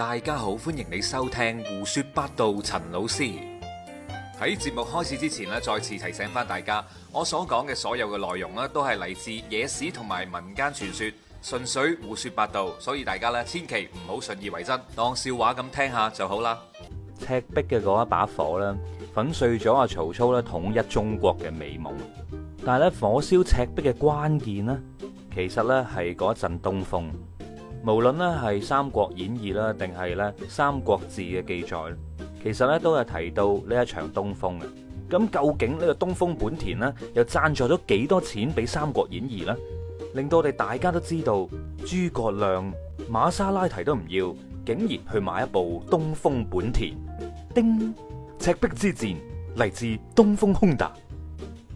大家好，歡迎你收聽胡說八道。陳老師喺節目開始之前再次提醒返大家，我所講嘅所有嘅內容都係嚟自野史同埋民間傳說，純粹胡說八道，所以大家千祈唔好信以為真，當笑話咁聽下就好啦。赤壁嘅嗰一把火粉碎咗阿曹操咧統一中國嘅美夢，但係咧火燒赤壁嘅關鍵呢，其實呢係嗰陣東風。無論咧係《三國演義》啦，定係咧《三國志》嘅記載，其實咧都係提到呢一場東風嘅。咁究竟呢個東風本田咧，又贊助咗幾多錢俾《三國演義》咧？令到我哋大家都知道，諸葛亮馬莎拉提都唔要，竟然去買一部東風本田。叮！赤壁之戰嚟自東風空達。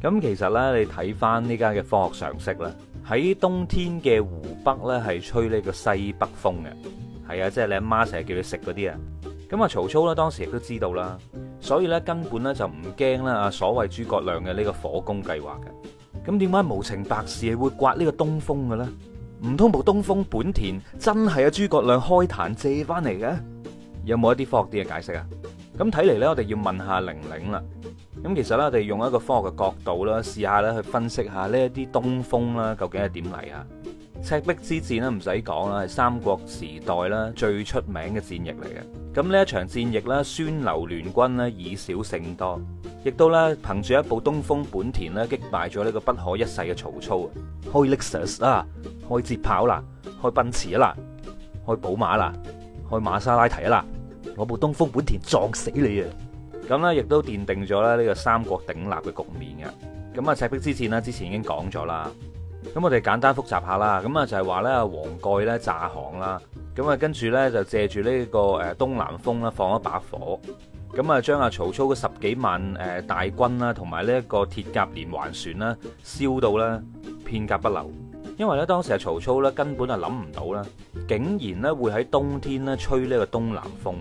咁其實咧，你睇翻呢家嘅科學常識咧。喺冬天嘅湖北咧，係吹呢個西北風嘅，係啊，即係你阿媽成日叫你食嗰啲啊。咁啊，曹操咧當時亦都知道啦，所以咧根本咧就唔驚啦啊！所謂諸葛亮嘅呢個火攻計劃嘅，咁點解無情白事係會颳呢個東風嘅咧？唔通部東風本田真係啊諸葛亮開壇借翻嚟嘅？有冇一啲科學啲嘅解釋啊？咁睇嚟咧，我哋要問下玲玲啦。咁其實咧，我哋用一個科學嘅角度啦，試下咧去分析下呢一啲東風啦，究竟係點嚟啊？赤壁之戰呢，唔使講啦，係三國時代啦最出名嘅戰役嚟嘅。咁呢一場戰役啦，孫劉聯軍呢，以少勝多，亦都咧憑住一部東風本田呢，擊敗咗呢個不可一世嘅曹操。開 Lexus 啦，開捷跑啦，開奔馳啦，開寶馬啦，開馬莎拉提啦，攞部東風本田撞死你啊！咁咧，亦都奠定咗咧呢個三國鼎立嘅局面嘅。咁啊，赤壁之戰呢之前已經講咗啦。咁我哋簡單複習下啦。咁啊，就係話咧，阿黃蓋咧詐降啦。咁啊，跟住咧就借住呢個誒東南風放一把火。咁啊，將阿曹操嘅十幾萬誒大軍啦，同埋呢一個鐵甲連環船啦，燒到咧片甲不留。因為咧當時阿曹操咧根本就諗唔到啦，竟然咧會喺冬天咧吹呢個東南風。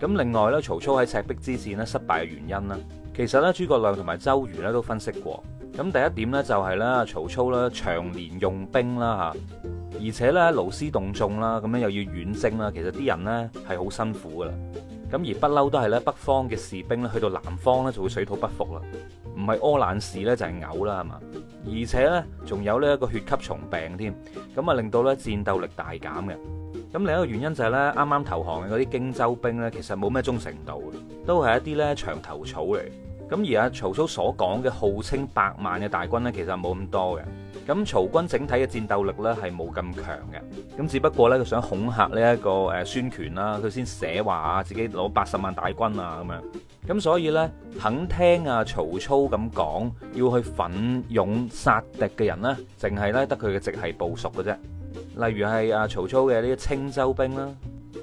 咁另外咧，曹操喺赤壁之戰咧失敗嘅原因啦，其實咧，諸葛亮同埋周瑜咧都分析過。咁第一點咧就係咧，曹操咧長年用兵啦吓，而且咧勞師動眾啦，咁樣又要遠征啦，其實啲人咧係好辛苦噶啦。咁而不嬲都係咧北方嘅士兵咧去到南方咧就會水土不服啦，唔係屙爛屎咧就係嘔啦係嘛？而且咧仲有呢一個血吸蟲病添，咁啊令到咧戰鬥力大減嘅。咁另一個原因就係咧，啱啱投降嘅嗰啲荊州兵咧，其實冇咩忠誠度，都係一啲咧長頭草嚟。咁而阿曹操所講嘅號稱百萬嘅大軍咧，其實冇咁多嘅。咁曹軍整體嘅戰鬥力咧係冇咁強嘅。咁只不過咧，佢想恐嚇呢一個誒孫權啦，佢先寫話啊，自己攞八十萬大軍啊咁樣。咁所以咧，肯聽阿曹操咁講要去奮勇殺敵嘅人咧，淨係咧得佢嘅直係部屬嘅啫。例如係阿曹操嘅呢啲青州兵啦，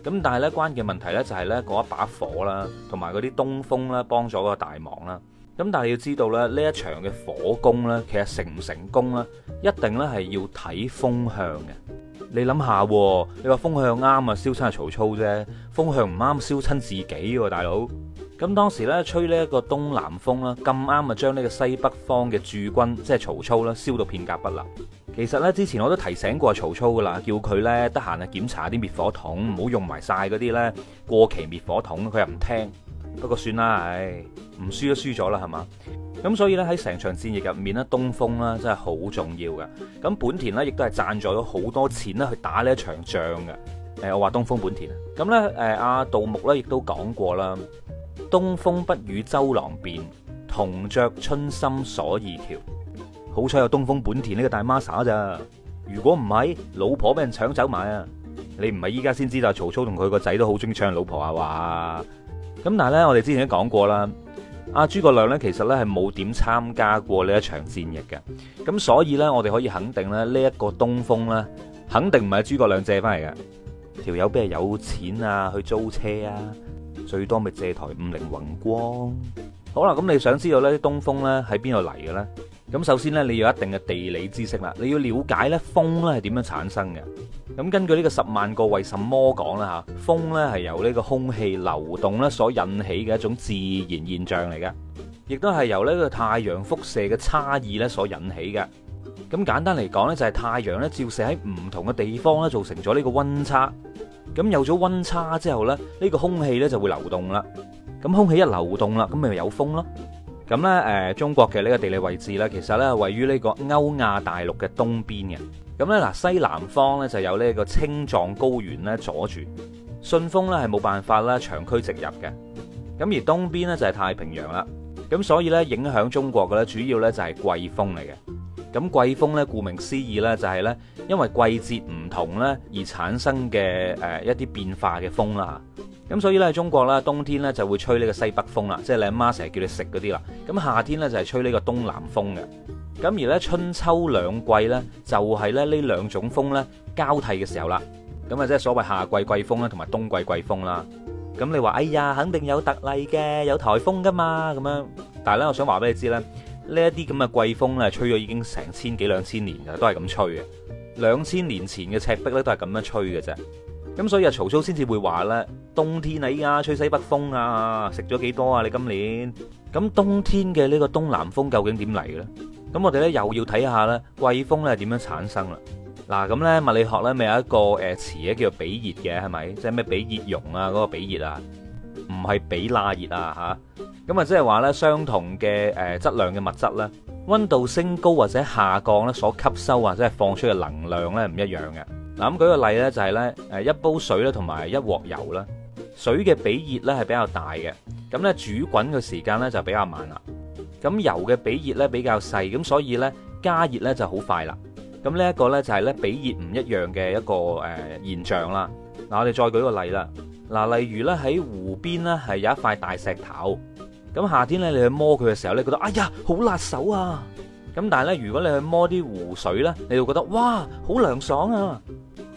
咁但係咧關鍵問題咧就係咧嗰一把火啦，同埋嗰啲東風咧，幫咗個大忙啦。咁但係要知道咧呢一場嘅火攻咧，其實成唔成功咧，一定咧係要睇風向嘅。你諗下，你話風向啱啊，燒親係曹操啫，風向唔啱，燒親自己喎，大佬。咁當時咧吹呢一個東南風啦，咁啱啊，將呢個西北方嘅駐軍，即係曹操咧，燒到片甲不留。其實呢之前我都提醒過曹操噶啦，叫佢呢得閒啊檢查啲滅火筒，唔好用埋晒嗰啲呢過期滅火筒。佢又唔聽，不過算啦，唉，唔輸都輸咗啦，係嘛？咁所以呢，喺成場戰役入面呢東風呢真係好重要㗎。咁本田呢亦都係讚助咗好多錢呢去打呢一場仗㗎。誒，我話東風本田。咁呢，誒阿杜牧呢亦都講過啦：東風不與周郎便，同着春心鎖二喬。好彩有東風本田呢個大媽撒咋？如果唔係，老婆俾人搶走埋啊！你唔係依家先知道，曹操同佢個仔都好中意搶老婆啊！話咁，但係咧，我哋之前都講過啦，阿諸葛亮咧其實咧係冇點參加過呢一場戰役嘅，咁所以咧，我哋可以肯定咧呢一個東風咧，肯定唔係諸葛亮借翻嚟嘅。條友邊係有錢啊？去租車啊？最多咪借台五菱宏光。好啦，咁你想知道呢啲東風咧喺邊度嚟嘅咧？咁首先咧，你要一定嘅地理知識啦，你要了解呢風咧係點樣產生嘅。咁根據呢個十萬個為什麼講啦嚇，風呢係由呢個空氣流動呢所引起嘅一種自然現象嚟嘅，亦都係由呢個太陽輻射嘅差異呢所引起嘅。咁簡單嚟講呢，就係太陽咧照射喺唔同嘅地方呢，造成咗呢個温差。咁有咗温差之後呢，呢個空氣呢就會流動啦。咁空氣一流動啦，咁咪有風咯。咁咧，誒中國嘅呢個地理位置咧，其實咧位於呢個歐亞大陸嘅東邊嘅。咁咧嗱，西南方咧就有呢個青藏高原咧阻住，順風咧係冇辦法啦長區直入，長驅直入嘅。咁而東邊咧就係太平洋啦。咁所以咧影響中國嘅咧，主要咧就係季風嚟嘅。咁季風咧，顧名思義咧，就係咧因為季節唔同咧而產生嘅誒一啲變化嘅風啦。咁所以咧喺中國咧，冬天咧就會吹呢個西北風啦，即係你阿媽成日叫你食嗰啲啦。咁夏天咧就係吹呢個東南風嘅。咁而咧春秋兩季咧，就係咧呢兩種風咧交替嘅時候啦。咁啊即係所謂夏季季風啦，同埋冬季季風啦。咁你話哎呀，肯定有特例嘅，有颱風噶嘛咁樣。但係咧，我想話俾你知咧，呢一啲咁嘅季風咧，吹咗已經成千幾兩千年嘅，都係咁吹嘅。兩千年前嘅赤壁咧，都係咁樣吹嘅啫。咁所以啊，曹操先至會話咧，冬天你依家吹西北風啊，食咗幾多啊？你今年咁冬天嘅呢個東南風究竟點嚟嘅咧？咁我哋咧又要睇下咧，季風咧點樣產生啦？嗱，咁咧物理學咧咪有一個誒詞咧叫做比熱嘅係咪？即係咩比熱容啊？嗰個比熱啊，唔係比拉熱啊吓。咁啊，即係話咧相同嘅誒質量嘅物質呢，溫度升高或者下降咧所吸收或者係放出嘅能量咧唔一樣嘅。嗱，咁舉個例咧，就係咧，誒一煲水咧，同埋一鑊油啦。水嘅比熱咧係比較大嘅，咁咧煮滾嘅時間咧就比較慢啦。咁油嘅比熱咧比較細，咁所以咧加熱咧就好快啦。咁呢一個咧就係咧比熱唔一樣嘅一個誒現象啦。嗱，我哋再舉個例啦。嗱，例如咧喺湖邊咧係有一塊大石頭，咁夏天咧你去摸佢嘅時候咧覺得，哎呀，好辣手啊！咁但係咧，如果你去摸啲湖水咧，你就覺得哇，好涼爽啊！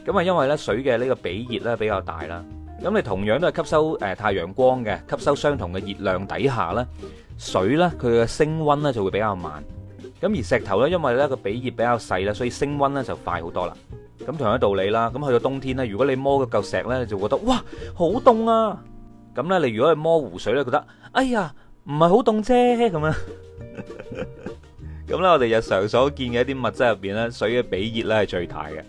咁啊，因為咧水嘅呢個比熱咧比較大啦。咁你同樣都係吸收誒太陽光嘅，吸收相同嘅熱量底下咧，水咧佢嘅升温咧就會比較慢。咁而石頭咧，因為咧個比熱比較細啦，所以升温咧就快好多啦。咁同樣嘅道理啦。咁去到冬天咧，如果你摸嗰嚿石咧，就覺得哇，好凍啊！咁咧，你如果去摸湖水咧，覺得哎呀，唔係好凍啫咁樣。咁咧，我哋日常所見嘅一啲物質入邊，咧，水嘅比熱咧係最大嘅，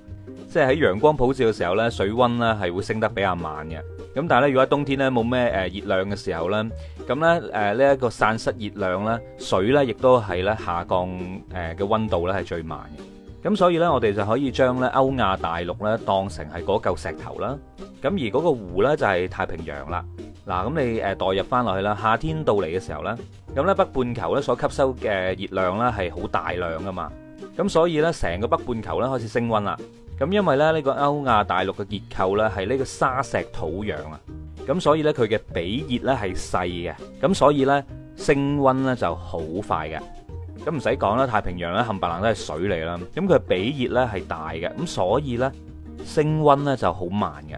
即係喺陽光普照嘅時候咧，水温咧係會升得比較慢嘅。咁但係咧，如果冬天咧冇咩誒熱量嘅時候咧，咁咧誒呢一個散失熱量咧，水咧亦都係咧下降誒嘅温度咧係最慢嘅。咁所以咧，我哋就可以將咧歐亞大陸咧當成係嗰嚿石頭啦。咁而嗰個湖咧就係太平洋啦。嗱，咁你誒代入翻落去啦。夏天到嚟嘅時候咧，咁咧北半球咧所吸收嘅熱量咧係好大量㗎嘛。咁所以咧，成個北半球咧開始升温啦。咁因為咧呢個歐亞大陸嘅結構咧係呢個沙石土壤啊，咁所以咧佢嘅比熱咧係細嘅，咁所以咧升温咧就好快嘅。咁唔使講啦，太平洋咧冚唪唥都係水嚟啦。咁佢比熱咧係大嘅，咁所以咧升温咧就好慢嘅。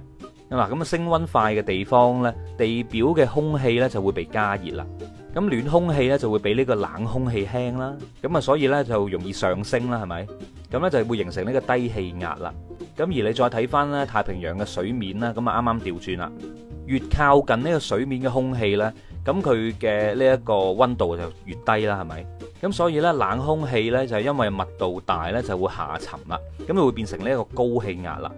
嗱，咁啊升温快嘅地方咧，地表嘅空氣咧就會被加熱啦。咁暖空氣咧就會比呢個冷空氣輕啦。咁啊，所以咧就容易上升啦，係咪？咁咧就係會形成呢個低氣壓啦。咁而你再睇翻咧太平洋嘅水面啦，咁啊啱啱調轉啦，越靠近呢個水面嘅空氣咧。咁佢嘅呢一個温度就越低啦，係咪？咁所以呢冷空氣呢，就因為密度大呢，就會下沉啦，咁就會變成呢一個高氣壓啦。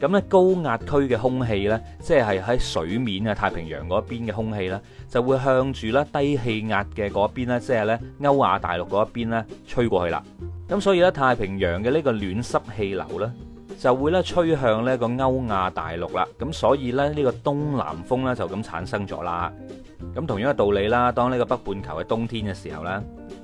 咁呢高壓區嘅空氣呢，即係喺水面啊太平洋嗰邊嘅空氣呢，就會向住呢低氣壓嘅嗰邊呢，即係呢歐亞大陸嗰一邊呢，吹過去啦。咁所以呢太平洋嘅呢個暖濕氣流呢，就會呢吹向呢個歐亞大陸啦。咁所以呢呢，呢個東南風呢，就咁產生咗啦。咁同樣嘅道理啦，當呢個北半球嘅冬天嘅時候啦，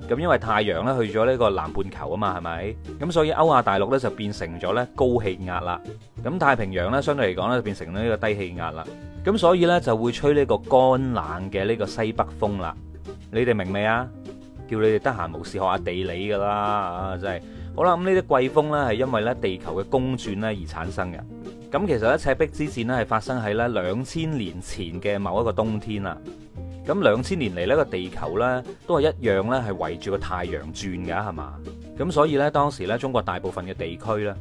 咁因為太陽咧去咗呢個南半球啊嘛，係咪？咁所以歐亞大陸咧就變成咗咧高氣壓啦，咁太平洋咧相對嚟講咧變成呢個低氣壓啦，咁所以咧就會吹呢個乾冷嘅呢個西北風啦。你哋明未啊？叫你哋得閒無事學下地理噶啦啊！真係好啦，咁呢啲季風咧係因為咧地球嘅公轉咧而產生嘅。咁其實咧赤壁之戰咧係發生喺咧兩千年前嘅某一個冬天啦。咁兩千年嚟呢個地球呢，都係一樣呢係圍住個太陽轉噶，係嘛？咁所以呢，當時呢中國大部分嘅地區呢，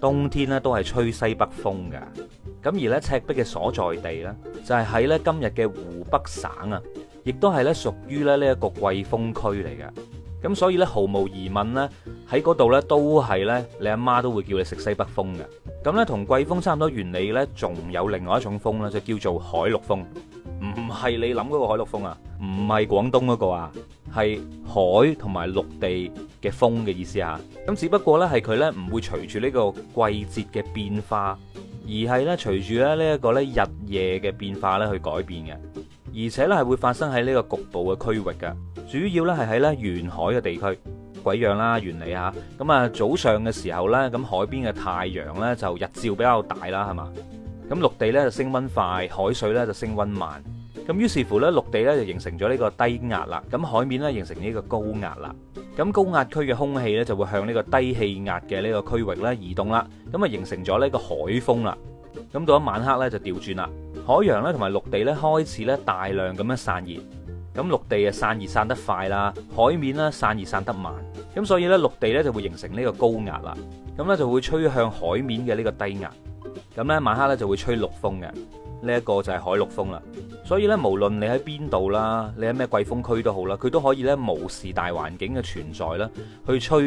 冬天呢都係吹西北風㗎。咁而呢赤壁嘅所在地呢，就係喺呢今日嘅湖北省啊，亦都係呢屬於咧呢一個季風區嚟嘅。咁所以呢，毫無疑問呢，喺嗰度呢都係呢你阿媽都會叫你食西北風嘅。咁呢，同季風差唔多原理呢，仲有另外一種風呢，就叫做海陸風。係你諗嗰個海陸風啊，唔係廣東嗰個啊，係海同埋陸地嘅風嘅意思吓。咁只不過咧，係佢呢唔會隨住呢個季節嘅變化，而係咧隨住咧呢一個咧日夜嘅變化咧去改變嘅。而且咧係會發生喺呢個局部嘅區域噶，主要咧係喺咧沿海嘅地區，鬼樣啦，原理吓。咁啊，早上嘅時候呢，咁海邊嘅太陽呢就日照比較大啦，係嘛。咁陸地呢就升溫快，海水呢就升溫慢。咁於是乎咧，陸地咧就形成咗呢個低壓啦，咁海面咧形成呢個高壓啦。咁高壓區嘅空氣咧就會向呢個低氣壓嘅呢個區域咧移動啦，咁啊形成咗呢個海風啦。咁到咗晚黑咧就調轉啦，海洋咧同埋陸地咧開始咧大量咁樣散熱，咁陸地啊散熱散得快啦，海面咧散熱散得慢，咁所以咧陸地咧就會形成呢個高壓啦，咁咧就會吹向海面嘅呢個低壓，咁咧晚黑咧就會吹陸風嘅。呢、這、一個就係海陸風啦，所以呢，無論你喺邊度啦，你喺咩季風區都好啦，佢都可以呢，無視大環境嘅存在啦，去吹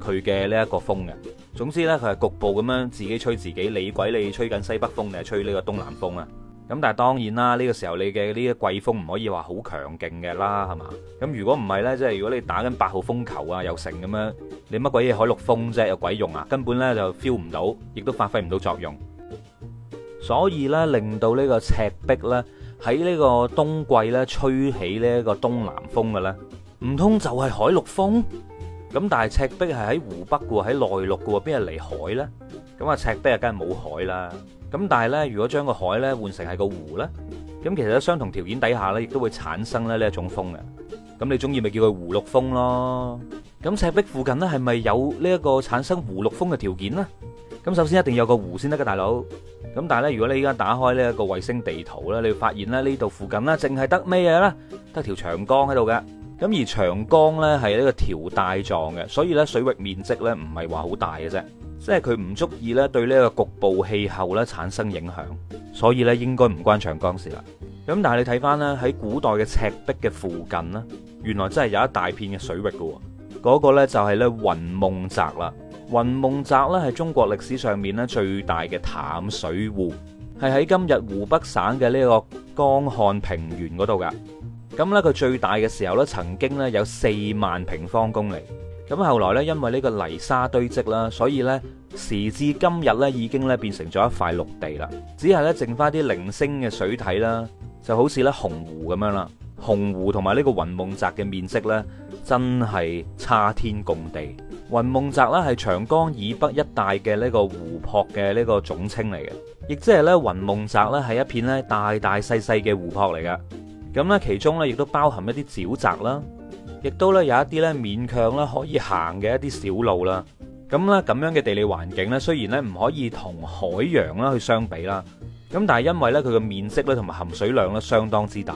佢嘅呢一個風嘅。總之呢，佢係局部咁樣自己吹自己，你鬼你吹緊西北風定係吹呢個東南風啊？咁但係當然啦，呢、這個時候你嘅呢一季風唔可以話好強勁嘅啦，係嘛？咁如果唔係呢，即係如果你打緊八號風球啊，又成咁樣，你乜鬼嘢海陸風啫，有鬼用啊？根本呢就 feel 唔到，亦都發揮唔到作用。所以咧，令到呢個赤壁咧喺呢個冬季咧吹起呢一個東南風嘅咧，唔通就係海陸風咁？但係赤壁係喺湖北嘅喎，喺內陸嘅喎，邊係離海咧？咁啊，赤壁呀梗係冇海啦。咁但係咧，如果將個海咧換成係個湖咧，咁其實喺相同條件底下咧，亦都會產生咧呢一種風嘅。咁你中意咪叫佢湖陸風咯？咁赤壁附近咧係咪有呢一個產生湖陸風嘅條件咧？咁首先一定有個湖先得嘅，大佬。咁但係咧，如果你依家打開呢一個衛星地圖咧，你會發現咧呢度附近咧，淨係得咩嘢啦？得條長江喺度嘅。咁而長江咧係呢個條帶狀嘅，所以咧水域面積咧唔係話好大嘅啫，即係佢唔足以咧對呢個局部氣候咧產生影響。所以咧應該唔關長江事啦。咁但係你睇翻咧喺古代嘅赤壁嘅附近呢，原來真係有一大片嘅水域嘅。嗰個咧就係咧雲夢澤啦。雲夢澤咧係中國歷史上面咧最大嘅淡水湖，係喺今日湖北省嘅呢個江漢平原嗰度噶。咁呢，佢最大嘅時候咧，曾經咧有四萬平方公里。咁後來呢，因為呢個泥沙堆積啦，所以呢時至今日呢已經咧變成咗一塊陸地啦，只係咧淨翻啲零星嘅水體啦，就好似呢洪湖咁樣啦。洪湖同埋呢個雲夢澤嘅面積呢，真係差天共地。雲夢澤咧，係長江以北一帶嘅呢個湖泊嘅呢個總稱嚟嘅，亦即係咧雲夢澤咧係一片咧大大細細嘅湖泊嚟嘅，咁咧其中咧亦都包含一啲沼澤啦，亦都咧有一啲咧勉強咧可以行嘅一啲小路啦，咁咧咁樣嘅地理環境咧，雖然咧唔可以同海洋啦去相比啦，咁但係因為咧佢嘅面積咧同埋含水量咧相當之大，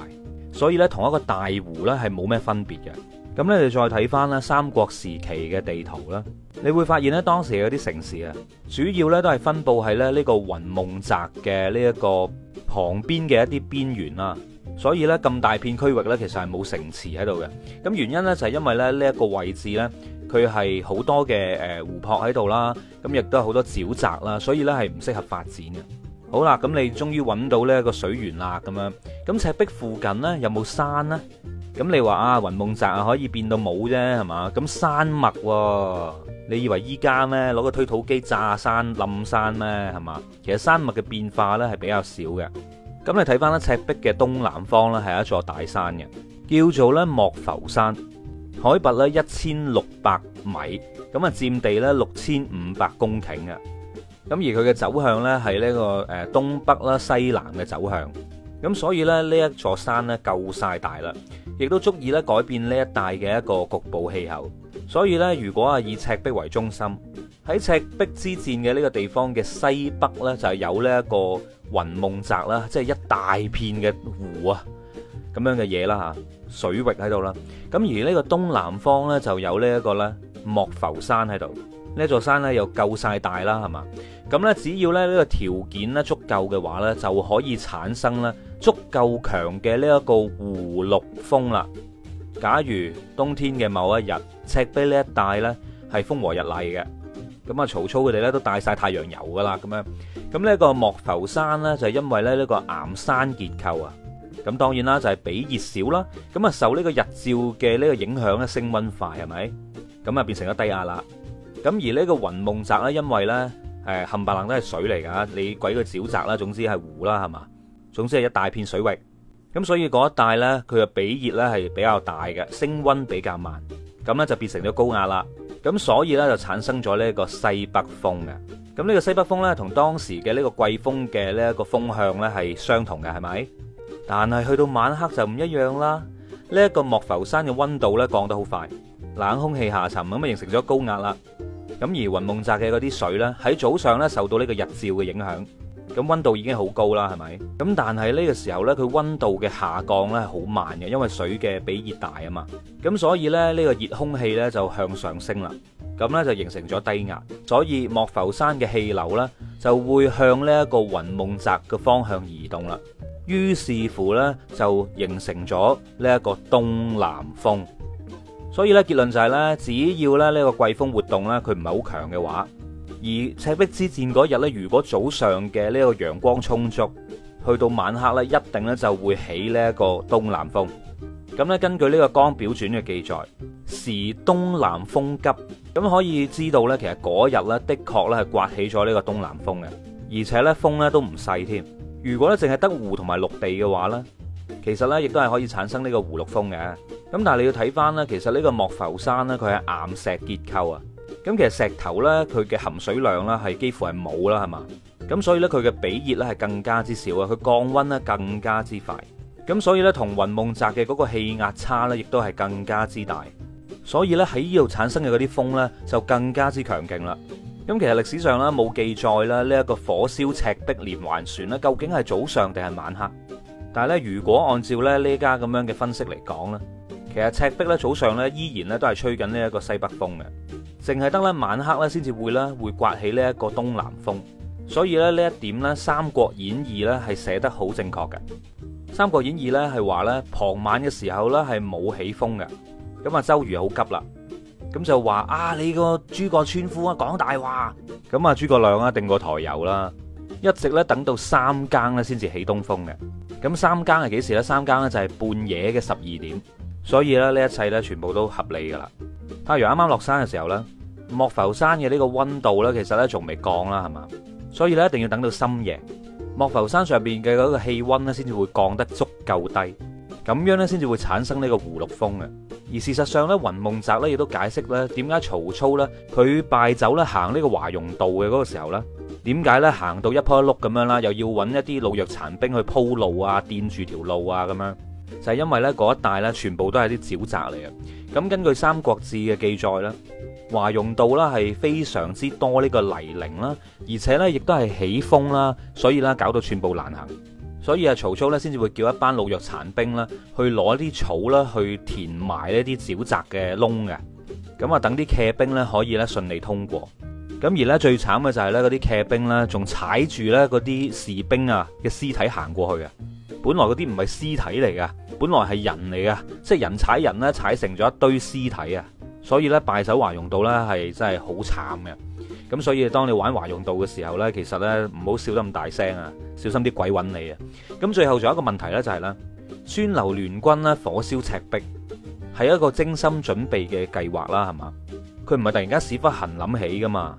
所以咧同一個大湖咧係冇咩分別嘅。咁咧你哋再睇翻咧，三國時期嘅地圖啦，你會發現咧當時有啲城市啊，主要咧都係分布喺咧呢個雲夢澤嘅呢一個旁邊嘅一啲邊緣啦。所以咧咁大片區域咧，其實係冇城池喺度嘅。咁原因咧就係因為咧呢一個位置咧，佢係好多嘅誒湖泊喺度啦，咁亦都係好多沼澤啦，所以咧係唔適合發展嘅。好啦，咁你終於揾到呢個水源啦，咁樣咁赤壁附近呢有冇山呢？咁你話啊雲夢澤啊可以變到冇啫，係嘛？咁山脈、啊，你以為依家呢攞個推土機炸山冧山咩？係嘛？其實山脈嘅變化呢係比較少嘅。咁你睇翻呢赤壁嘅東南方呢，係一座大山嘅，叫做呢莫浮山，海拔咧一千六百米，咁啊佔地呢六千五百公頃啊。咁而佢嘅走向呢，係呢個誒東北啦、西南嘅走向。咁所以咧，呢一座山呢夠晒大啦，亦都足以咧改變呢一帶嘅一個局部氣候。所以呢，如果啊以赤壁為中心，喺赤壁之戰嘅呢個地方嘅西北呢，就係有呢一個雲夢澤啦，即係一大片嘅湖啊咁樣嘅嘢啦吓，水域喺度啦。咁而呢個東南方呢，就有呢一個咧莫浮山喺度。呢座山咧又夠曬大啦，係嘛？咁咧，只要咧呢個條件咧足夠嘅話咧，就可以產生咧足夠強嘅呢一個湖陸風啦。假如冬天嘅某一日，赤壁呢一帶咧係風和日麗嘅，咁啊，曹操佢哋咧都帶曬太陽油㗎啦，咁樣咁呢個莫浮山咧就係因為咧呢個岩山結構啊，咁當然啦就係、是、比熱少啦，咁啊受呢個日照嘅呢個影響咧升温快係咪？咁啊變成咗低壓啦。咁而呢個雲夢澤咧，因為呢，誒冚唪唥都係水嚟㗎，你鬼個沼澤啦，總之係湖啦，係嘛？總之係一大片水域，咁所以嗰一帶呢，佢嘅比熱呢係比較大嘅，升温比較慢，咁呢就變成咗高壓啦。咁所以呢，就產生咗呢個西北風嘅。咁呢個西北風呢，同當時嘅呢個季風嘅呢一個風向呢係相同嘅，係咪？但係去到晚黑就唔一樣啦。呢一個莫浮山嘅温度呢，降得好快，冷空氣下沉咁啊，形成咗高壓啦。咁而雲夢澤嘅嗰啲水呢，喺早上呢受到呢個日照嘅影響，咁温度已經好高啦，係咪？咁但係呢個時候呢，佢温度嘅下降呢係好慢嘅，因為水嘅比熱大啊嘛。咁所以呢，呢個熱空氣呢就向上升啦，咁呢就形成咗低壓，所以莫浮山嘅氣流呢就會向呢一個雲夢澤嘅方向移動啦。於是乎呢，就形成咗呢一個東南風。所以咧，結論就係咧，只要咧呢個季風活動咧，佢唔係好強嘅話，而赤壁之戰嗰日咧，如果早上嘅呢個陽光充足，去到晚黑咧，一定咧就會起呢一個東南風。咁咧，根據呢個江表傳嘅記載，時東南風急，咁可以知道咧，其實嗰日咧，的確咧係刮起咗呢個東南風嘅，而且咧風咧都唔細添。如果咧淨係得湖同埋陸地嘅話咧。其實呢，亦都係可以產生呢個湖陸風嘅。咁但係你要睇翻呢，其實呢個莫浮山呢，佢係岩石結構啊。咁其實石頭呢，佢嘅含水量呢，係幾乎係冇啦，係嘛。咁所以呢，佢嘅比熱呢，係更加之少啊，佢降温呢，更加之快。咁所以呢，同雲夢澤嘅嗰個氣壓差呢，亦都係更加之大。所以呢，喺呢度產生嘅嗰啲風呢，就更加之強勁啦。咁其實歷史上呢，冇記載啦，呢一個火燒赤壁連，連環船呢，究竟係早上定係晚黑？但係咧，如果按照咧呢家咁樣嘅分析嚟講咧，其實赤壁咧早上咧依然咧都係吹緊呢一個西北風嘅，淨係得咧晚黑咧先至會咧刮起呢一個東南風，所以咧呢一點咧《三國演義》咧係寫得好正確嘅，《三國演義》咧係話咧傍晚嘅時候咧係冇起風嘅，咁啊周瑜好急啦，咁就話啊你個諸葛村夫啊講大話，咁啊諸葛亮啊定過抬油啦，一直咧等到三更咧先至起東風嘅。咁三更係幾時呢？三更呢就係半夜嘅十二點，所以咧呢一切呢全部都合理噶啦。太陽啱啱落山嘅時候呢，莫浮山嘅呢個溫度呢其實呢仲未降啦，係嘛？所以呢，一定要等到深夜，莫浮山上邊嘅嗰個氣溫呢先至會降得足夠低，咁樣呢先至會產生呢個湖陸風嘅。而事實上呢，雲夢澤呢亦都解釋呢點解曹操呢，佢敗走咧行呢個華容道嘅嗰個時候呢。點解咧行到一坡一碌咁樣啦，又要揾一啲老弱殘兵去鋪路啊、墊住條路啊咁樣？就係因為呢嗰一帶呢，全部都係啲沼澤嚟嘅。咁根據《三國志》嘅記載啦，華容道啦係非常之多呢個泥濘啦，而且呢亦都係起風啦，所以咧搞到寸步難行。所以啊，曹操呢先至會叫一班老弱殘兵啦，去攞啲草啦去填埋呢啲沼澤嘅窿嘅。咁啊，等啲騎兵呢可以呢順利通過。咁而咧最慘嘅就係咧嗰啲騎兵咧仲踩住咧嗰啲士兵啊嘅屍體行過去啊，本來嗰啲唔係屍體嚟噶，本來係人嚟噶，即係人踩人咧踩成咗一堆屍體啊，所以咧敗走華容道咧係真係好慘嘅，咁所以當你玩華容道嘅時候咧，其實咧唔好笑得咁大聲啊，小心啲鬼揾你啊！咁最後仲有一個問題咧就係、是、呢孫劉聯軍咧火燒赤壁係一個精心準備嘅計劃啦，係嘛？佢唔係突然間屎忽痕諗起噶嘛？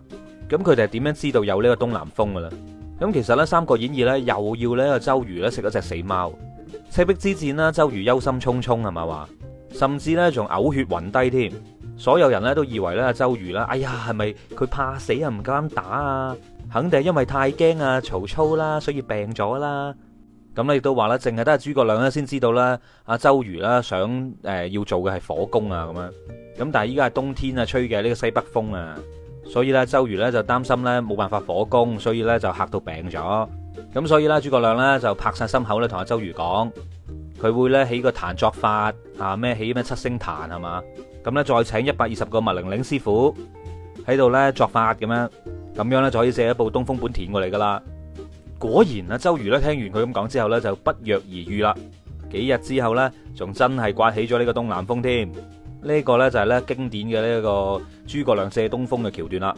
咁佢哋係點樣知道有呢個東南風噶啦？咁其實呢，《三國演義》呢又要呢個周瑜呢，食咗隻死貓，赤壁之戰啦，周瑜憂心忡忡係咪話，甚至呢，仲嘔血暈低添，所有人呢都以為呢阿周瑜啦，哎呀係咪佢怕死啊？唔夠膽打啊？肯定係因為太驚啊曹操啦，所以病咗啦。咁你都話咧，淨係得係諸葛亮呢先知道啦，阿周瑜啦想誒、呃、要做嘅係火攻啊咁樣。咁但係依家係冬天啊，吹嘅呢個西北風啊。所以咧，周瑜咧就擔心咧冇辦法火攻，所以咧就吓到病咗。咁所以呢，諸葛亮咧就拍晒心口咧，同阿周瑜講，佢會咧起個壇作法，啊咩起咩七星壇係嘛？咁咧再請一百二十個麥玲玲師傅喺度咧作法咁樣，咁樣咧就可以借一部東風本田過嚟噶啦。果然啊，周瑜咧聽完佢咁講之後咧就不藥而愈啦。幾日之後咧，仲真係刮起咗呢個東南風添。呢、這個呢，就係咧經典嘅呢個諸葛亮借東風嘅橋段啦，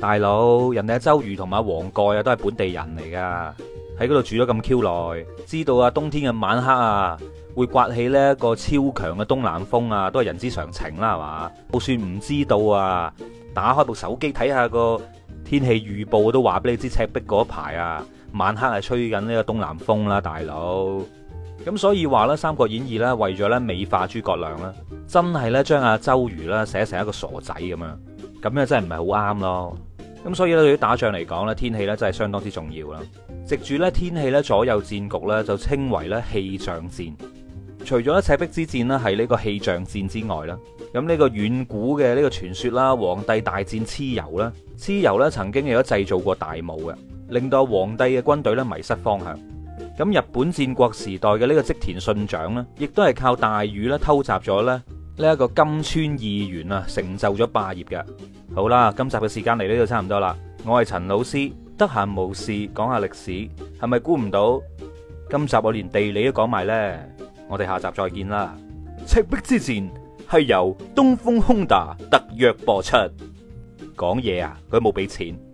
大佬，人哋周瑜同埋阿黃蓋啊都係本地人嚟噶，喺嗰度住咗咁 Q 耐，知道啊冬天嘅晚黑啊會刮起咧個超強嘅東南風啊，都係人之常情啦，係嘛？就算唔知道啊，打開部手機睇下個天氣預報都話俾你知赤壁嗰一排啊晚黑係吹緊呢個東南風啦，大佬。咁所以話咧《三國演義》咧為咗呢美化諸葛亮咧，真係呢將阿周瑜啦寫成一個傻仔咁樣，咁樣真係唔係好啱咯。咁所以呢對於打仗嚟講咧，天氣呢真係相當之重要啦。直住呢天氣呢左右戰局呢就稱為呢氣象戰。除咗呢赤壁之戰呢係呢個氣象戰之外啦，咁呢個遠古嘅呢個傳說啦，黃帝大戰蚩尤啦，蚩尤呢曾經亦都製造過大霧嘅，令到阿黃帝嘅軍隊呢迷失方向。咁日本戰國時代嘅呢個織田信長呢，亦都係靠大雨咧，偷襲咗咧呢一個今川義元啊，成就咗霸業嘅。好啦，今集嘅時間嚟呢度差唔多啦，我係陳老師，得閒無事講下歷史，係咪估唔到今集我連地理都講埋呢？我哋下集再見啦！赤壁之戰係由東風 HONDA 特約播出，講嘢啊，佢冇俾錢。